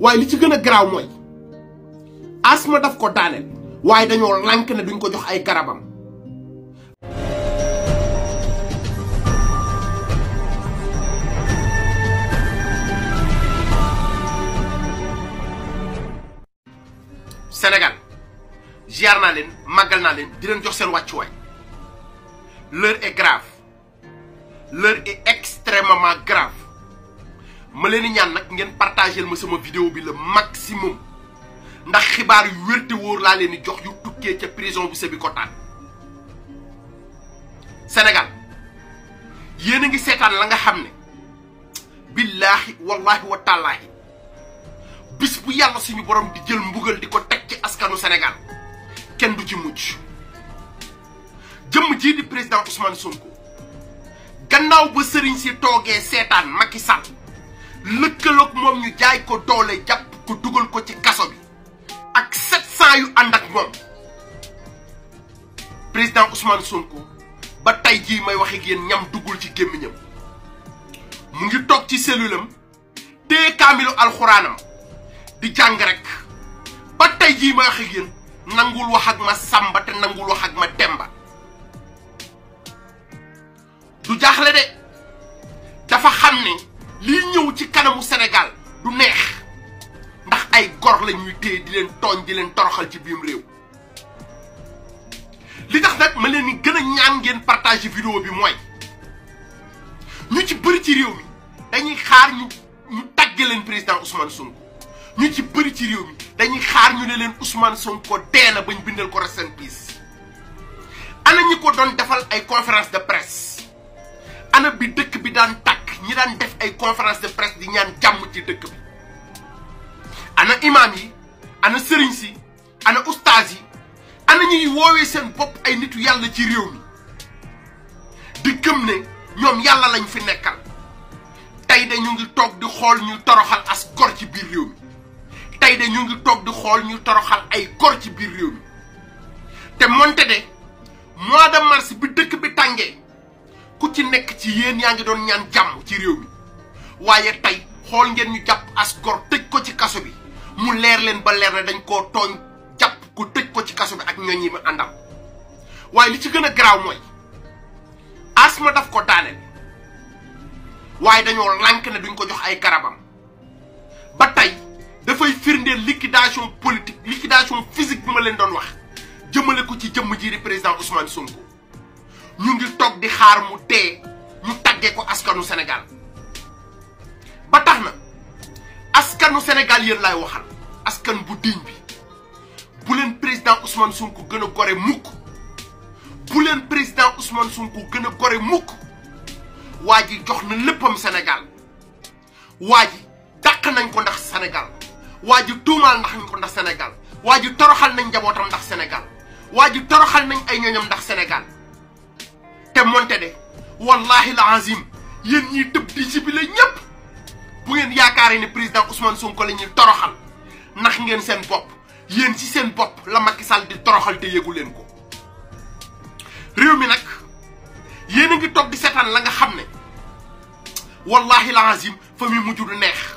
waaye li ci gën a garaaw mooy asma daf ko daaneel waaye dañoo lànk ne duñ ko jox ay garabam Sénégal ziar naa leen màggal naa leen di leen jox seen wàccuwaay l'heure est grave l'heure est extrêmement grave ma leen ñaan nag ngeen partagel ma sama vidéo bi le maximum ndax xibaar yu wér wóor laa leen di jox yu tukkee ca prison bu Sébikotane Sénégal yéen a ngi seetaan la nga xam ne billaahi wallaahi wa taalaahi bis bu yàlla suñu borom di jël mbugal di ko teg ci askanu Sénégal kenn du ci mucc jëmm jii di président Ousmane Sonko gannaaw ba sëriñ si toogee seetaan Macky Sall lëkkaloog moom ñu jaay ko doole jàpp ko dugal ko ci kaso bi ak 700 yu ànd ak moom président Ousmane Sonko ba tey jii may wax ak yéen ñam duggul ci gémmiñam mu ngi toog ci cellulam téye kaamilu alxuraanam di jàng rek ba tey jii may wax ak yéen nangul wax ak ma sàmba te nangul wax ak ma demba du jaaxle de dafa xam ne lii ñëw ci kanamu Sénégal du neex ndax ay gor la ñuy téye di leen tooñ di leen toroxal ci biim réew li tax nag ma leen ni gën a ñaan ngeen partager vidéo bi mooy ñu ci bëri ci réew mi dañuy xaar ñu ñu tàgge leen président Ousmane Sonko ñu ci bëri ci réew dañuy xaar ñu ne leen Ousmane Sonko dee na bañ bindal ko rest in peace ana ñi ko doon defal ay conférence de presse ana bi dëkk bi daan tàgg ñi daan def ay conférence de presse di ñaan jàmm ci dëkk bi ana imaam yi ana sëriñ si ana ustaas yi ana ñuy woowee seen bopp ay nitu yàlla ci réew mi di gëm ne ñoom yàlla lañ fi nekkal tey de ñu ngi toog di xool ñu toroxal as gor ci biir réew mi tey de ñu ngi toog di xool ñu toroxal ay gor ci biir réew mi te moonte de mois de mars bi nekk ci yéen yaa ngi doon ñaan jàmm ci réew mi waaye tey xool ngeen ñu jàpp as gor tëj ko ci kaso bi mu leer leen ba leer na dañ koo tooñ jàpp ko tëj ko ci kaso bi ak ñoñ yi mu àndam waaye li ci gën a garaaw mooy asma daf ko daaneel waaye dañoo lànk ne duñ ko jox ay garabam ba tey dafay firndeel liquidation politique liquidation physique bi ma leen doon wax jëmale ko ci jëmm ji di président Ousmane Sonko. ñu ngi toog di xaar mu dee ñu tàggee ko askanu Sénégal ba tax na askanu Sénégal yéen laay waxal askan bu diñ bi bu leen président Ousmane Sonko gën a gore mukk bu leen président Ousmane Sonko gën a gore mukk waa ji jox na léppam Sénégal waa ji dàq nañ ko ndax Sénégal waa ji tuumaal ndax nañ ndax Sénégal waa ji toroxal nañ njabootam ndax Sénégal waa ji toroxal nañ ay ñooñam ndax Sénégal te monte de wallahi la azim yéen ñiy tëb di jibile ñépp bu ngeen yaakaaree ne président Ousmane Sonko la ñuy toroxal nax ngeen seen bopp yéen ci seen bopp la Macky Sall di toroxal te yëgu leen ko réew mi nag yéen a ngi toog di seetaan la nga xam ne wallahi la azim fa mu mujj du neex